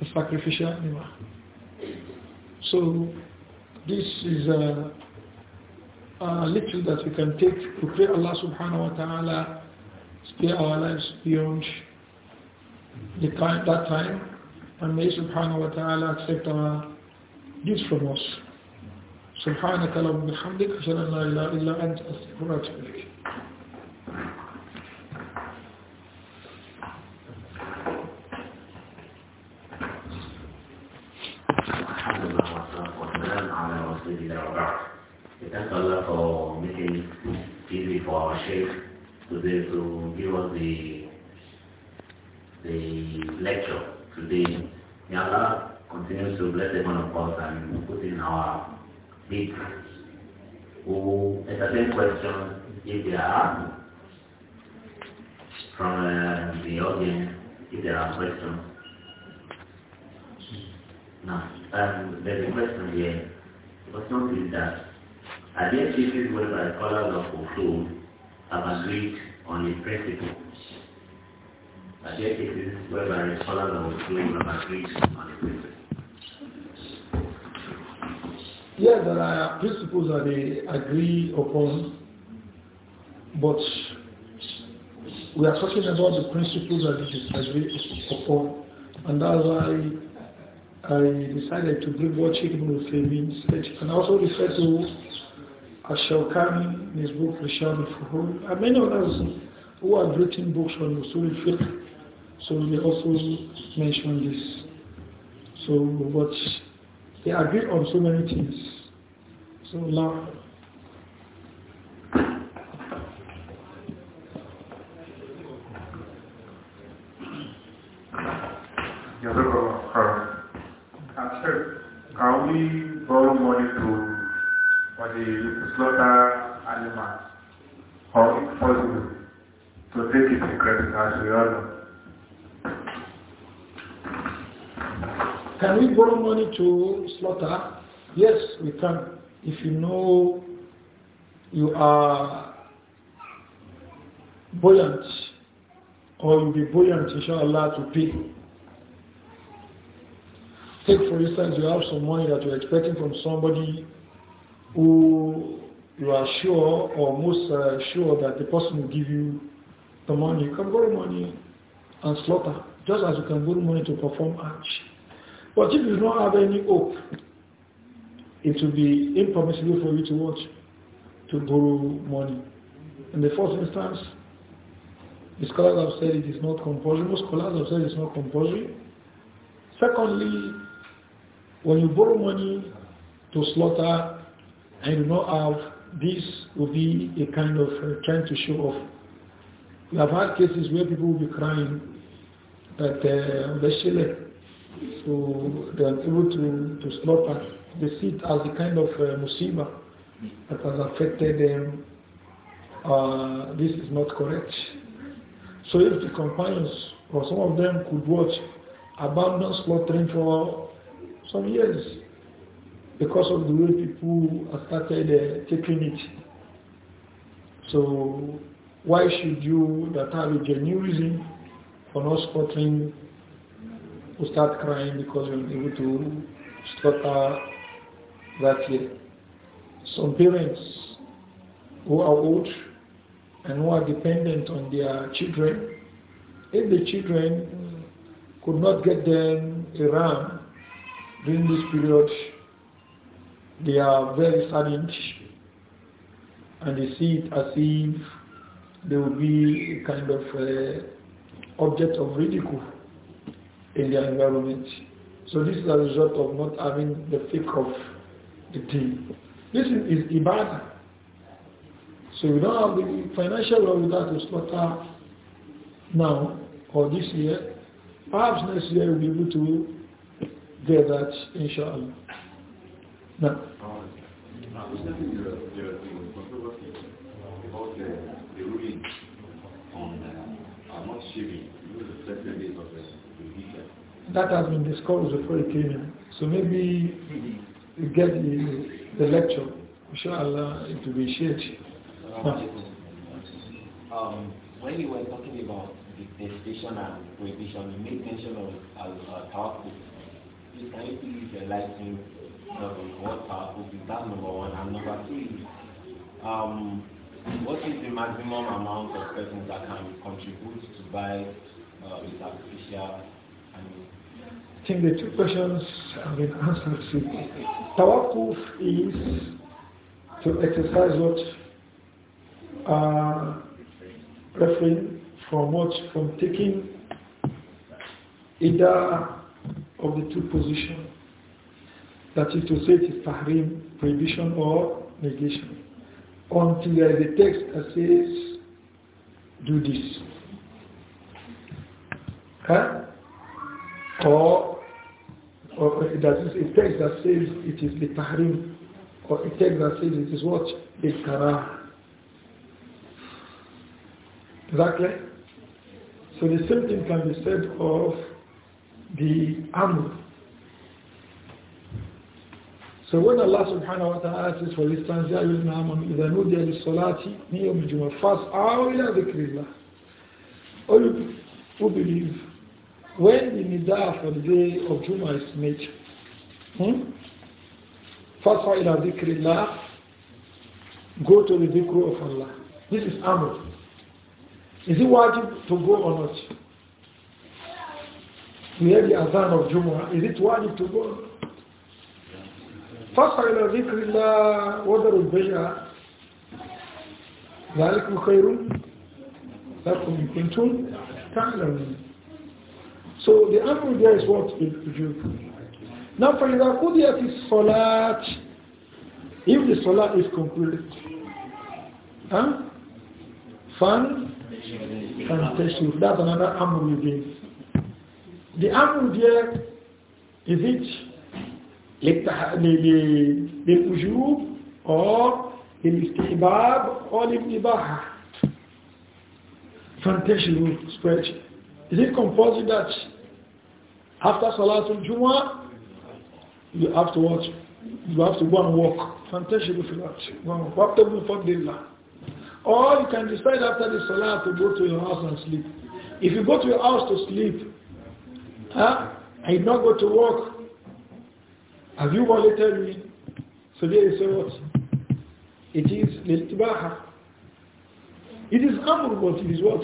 the sacrificial animal. So this is a, uh, a little that we can take to pray Allah subhanahu wa ta'ala steer our lives beyond the time, that time, and may subhanahu wa ta'ala accept our gifts from us. سبحانك اللهم وبحمدك أشهد أن لا إله إلا أنت أستغفرك وأتوب إليك Thank you for making easy today to give us the the lecture today. May Allah continue to bless the one of us and put in our big who entertain questions if there are from uh, the audience if there are questions. Now, um, there's a question here. What's not is that are there cases whereby scholars of food have agreed on the principles. But there are cases whereby the scholars of Muslim have agreed on the principles. Yes, yeah, there are principles that they agree upon, but we are talking about the principles that they disagree upon, and that's why I decided to bring what Sheikh Ibn Uthaymeen said. You can also refer to Al-Shawkani in his book Rishad al-Fuhul, and many others who have written books on Usul al-Fiqh, so they also mention this. So, but they agree on so many things. So, now. we borrow money to slaughter? Yes, we can. If you know you are buoyant, or you'll be buoyant, inshallah, to pay. Take, for instance, you have some money that you're expecting from somebody who you are sure or most uh, sure that the person will give you the money. You can borrow money and slaughter, just as you can borrow money to perform Hajj. But if you don't have any hope, it will be impermissible for you to watch, to borrow money. In the first instance, the scholars have said it is not compulsory. Most scholars have said it's not compulsory. Secondly, when you borrow money to slaughter and you do not have, this will be a kind of uh, trying to show off. We have had cases where people will be crying that uh, to they are able to, to slaughter. They see it as a kind of uh, musiba that has affected them. Uh, this is not correct. So if the companions or some of them could watch abandon slaughtering for some years because of the way people started uh, taking it. So why should you that have a genuine reason for not slaughtering who start crying because we are able to slaughter that year. Some parents who are old and who are dependent on their children, if the children could not get them a ram during this period, they are very saddened and they see it as if they will be a kind of uh, object of ridicule in their environment. So this is a result of not having the fake of the team. This is, is ibadah. So we don't have the financial law without to slaughter now or this year. Perhaps next year we'll be able to get that, inshallah. Now. That has been discussed before came in. So maybe you get the, the lecture. Inshallah, it will be shared. Um, um when you were talking about the station and prohibition, you made mention of uh, powerful. Please, can you please enlighten um, what powerful is? number one. And number two um, what is the maximum amount of persons that can contribute to buy uh, with artificial I think the two questions have been answered. So, tawakuf is to exercise what? Uh, refrain from what? From taking either of the two positions. That is to say it is tahrim, prohibition or negation. Until there is a text that says, do this. Huh? or, or that is a text that says it is tahrim, or a text that says it is what? Bitarah. Exactly. So the same thing can be said of the amr. So when Allah subhanahu wa ta'ala says, for instance, يَا أَيُّهَا الَّذِينَ آمَنُوا إِذَا نُودِيَ لِلصَّلَاةِ مِنْ يَوْمِ الْجُمُعَةِ فَاسْعَوْا إِلَى ذِكْرِ All you who believe, when the nidah for the day of Juma is made, hmm? Fasa ila dhikrillah, go to the dhikr of Allah. This is Amr. Is it wajib to go or not? We have the Azan of Jumu'ah. Is it wajib to go? First Fasa ila dhikrillah, wadarul bay'ah. ذلكم خير لكم إن كنتم تعلمون so the angle is what in view. Now for example, the salat, if the salat is complete, huh? Fun, fantastic. That's another angle you give. The angle is it the the the ujub or the istihbab or the ibaha. Fantastic, stretch. Is it composite that after Salatul Jumu'ah, you have to watch. You have to go and walk. Fantastic Or you can decide after the Salah to go to your house and sleep. If you go to your house to sleep, huh, and you not go to work, have you told me? So there you say what? It is lil-ibaha. It is amr, but it is what?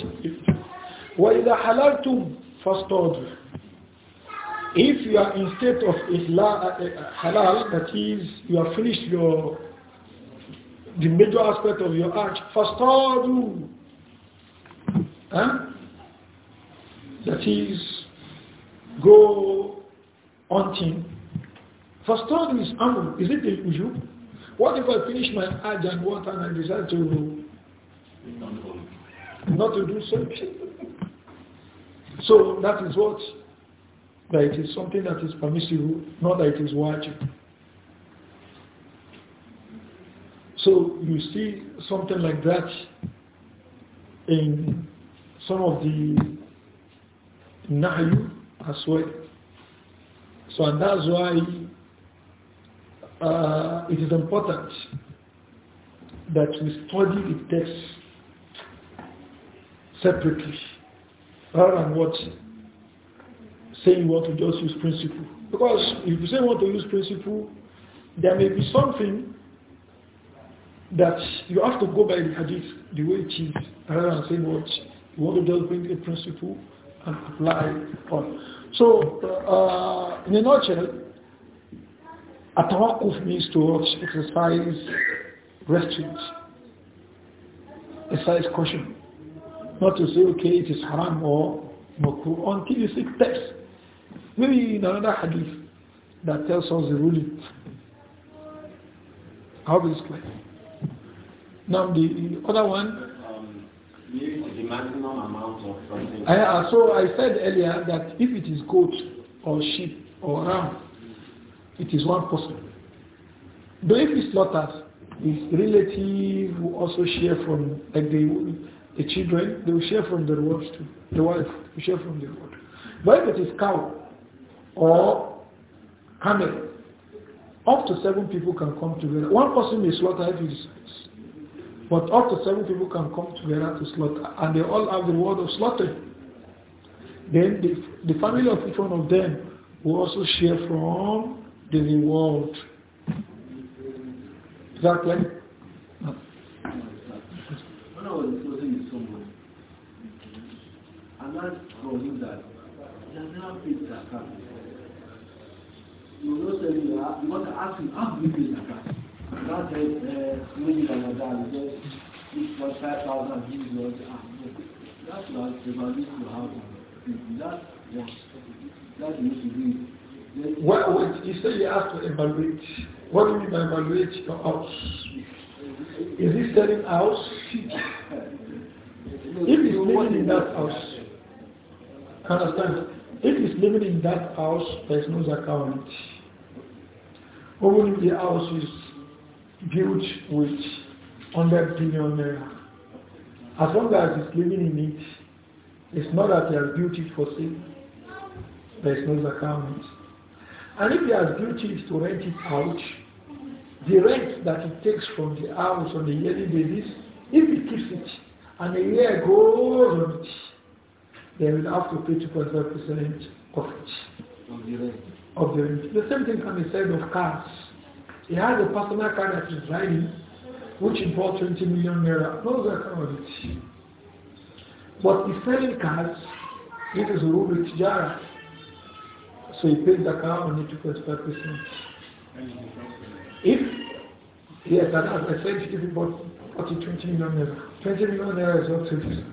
وَإِذَا حَلَلْتُمْ فَاسْتَوْدُوا if you are in state of uh, uh, halal, that is, you have finished your the major aspect of your act, fastadu. Huh? That is, go hunting. Fastadu is amr. Is it the usual? What if I finish my act and what and I decide to not to do so? So that is what that it is something that is permissible, not that it is wajib. So you see something like that in some of the Nahyu as well. So and that's why uh, it is important that we study the text separately rather than watching say you want to just use principle. Because if you say you want to use principle, there may be something that you have to go by the hadith the way it is, rather than saying what you want to just bring a principle and apply on. So, uh, uh, in a nutshell, atawakuf means to exercise restraint, exercise caution, not to say okay it is haram or makruh until you see text Maybe in another hadith that tells us the ruling. it? Now the other one. I, uh, so I said earlier that if it is goat or sheep or ram, it is one person. But if it's slaughters, his relative will also share from, like the, the children, they will share from the wife too. The wife will share from the reward. But if it is cow, or camel. Up to seven people can come together. One person may slaughter if it's but up to seven people can come together to slaughter, and they all have the word of slaughter. Then the, the family of each one of them will also share from the reward. Exactly. No. When I was discussing with someone, I learned from him that he has never paid you you want to ask him how do you pay zakat eh, you now say uh, you was five thousand this was that's what the value you have that's what that you say you have to evaluate. What do you mean by evaluate your house? Is he selling house? if it's living in that house, understand? If he's living in that house, there is no zakah on it. Even if the house is built with 100 billion naira, as long as it's living in it, it's not that he has built it for sale. There is no zakah on it. And if he has built it to rent it out, the rent that it takes from the house on a yearly basis, if he keeps it, and a year goes on it, they will have to pay 2.5% of the rent. Of the rent. The same thing can be said of cars. He has a personal car that he's driving, which he bought 20 million naira. Those are commodities. But he's selling cars, it is a Rubik Tijara. So he pays the car only 2.5%. If, yes, as I said, if he bought 40, 20 million naira, 20 million naira is not 20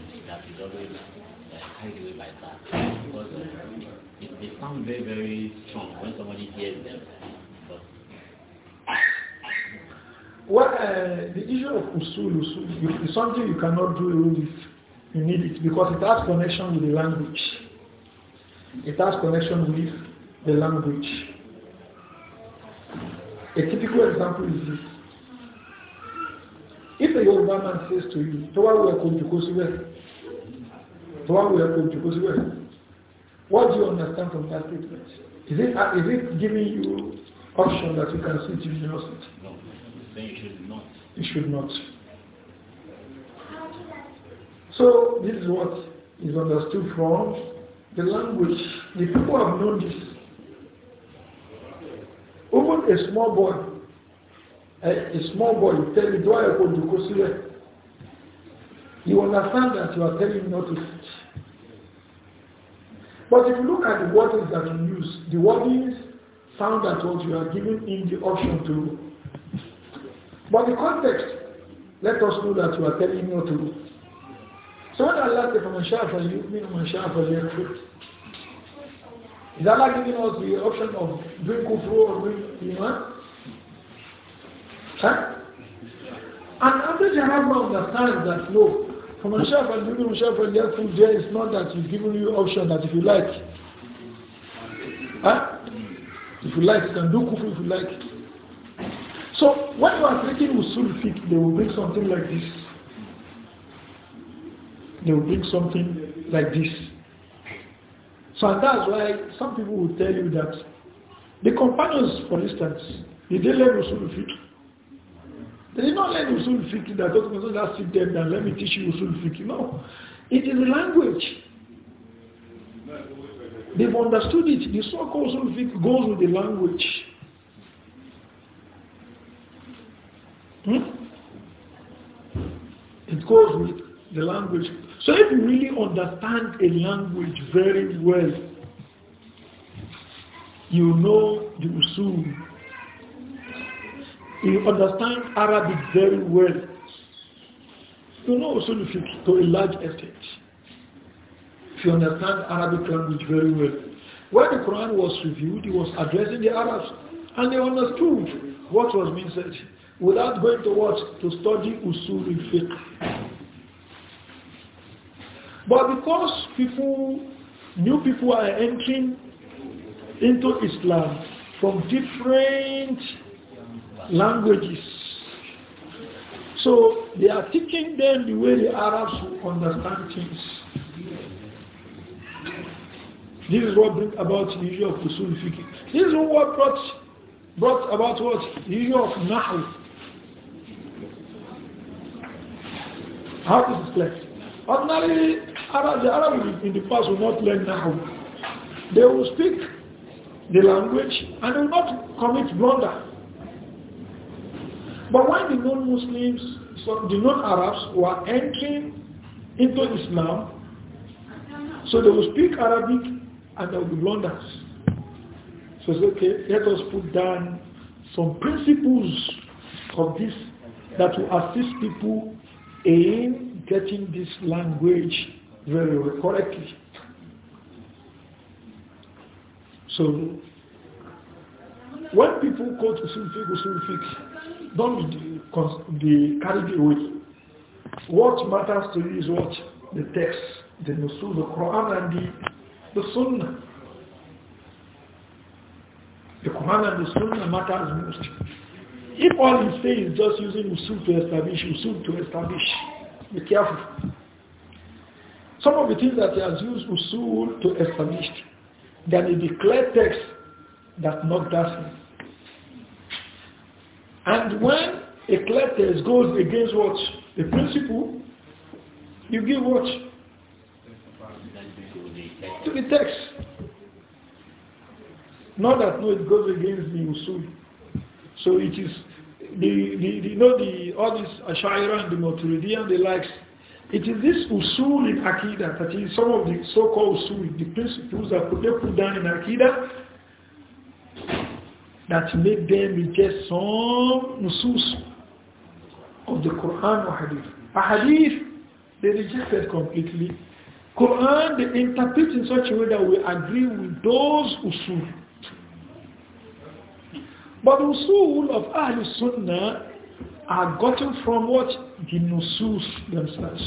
that is always uh, carried away by that. Because uh, it, they sound very, very strong when somebody hears them. But well, uh, the issue of usul, usul is something you cannot do with. You need it because it has connection with the language. It has connection with the language. A typical example is this. If a Yoruba man says to you, tó wá wùyẹ kó jùkú síbẹ̀ what do you understand from that statement is it, uh, it giving you option that you can see generosity no then you should not you should not so this is what is understood from the language the people have known this even a small boy a, a small boy tell me do I go to síbẹ̀ you understand that you are telling not to But if you look at the words that you use, the wordings sound that what you are giving him the option to. But the context, let us know that you are telling not to. So when Allah says, "Man sha'a falyu'min, I sha'a falyakfur," is Allah giving us the option of doing kufru or doing iman? Huh? And Abu Jarrah understands that no, فمن chef and the food, there is not that he's given you option that if you like huh? if you like you can do cooking if you like so when you are taking usul fiqh they will bring something like this they will bring something like this so that's why some people will tell you that the companions for instance did they learn usul fiqh they did not learn usul fiqh that just sit let me teach you usul fiqh. No. It is a language. They've understood it. The so-called usul fiqh goes with the language. Hmm? It goes with the language. So if you really understand a language very well, you know the usul he understands Arabic very well. You know if you to a large extent. If you understand Arabic language very well. When the Quran was reviewed, it was addressing the Arabs and they understood what was being said without going to what? To study usul fiqh. But because people, new people are entering into Islam from different languages. So they are teaching them the way the Arabs understand things. This is what brought about the issue of usul fiqh. This is what brought, brought about what? The issue of nahu. How is it clear? Ordinarily, the Arabs in the past will not learn nahu. They will speak the language and will not commit blunder. But when the non-Muslims, the non-Arabs were entering into Islam, so they will speak Arabic and they will be learners. So it's okay, let us put down some principles of this that will assist people in getting this language very correctly. So when people call to Sufi, go Sufi don't be, be carried away. What matters to you is what? The text, the Nusul, the Quran and the, the Sunnah. The Quran and the Sunnah matters most. If all you say is just using Usul to establish, Usul to establish, be careful. Some of the things that he has used Usul to establish, then it is clear text that not does and when a cletus goes against what? The principle, you give what? To the text. Not that no, it goes against the usul. So it is the, the, the you know the all these Ashaira and the Maturidiyah and the likes. It is this usul in Akida that is some of the so-called usul, the principles that they put down in Akida that made them reject some nusus of the Quran or Hadith. A Hadith, they rejected completely. Quran, they interpret in such a way that we agree with those usul. But the usul of Ahlul Sunnah are gotten from what? The nusus themselves.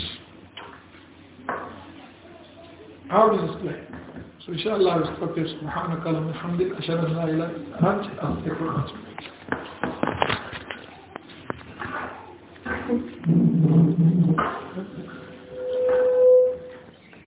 How does this play? إن شاء الله يستطيع سبحانك اللهم وبحمدك أشهد أن لا إله إلا أنت أستغفرك Thank you.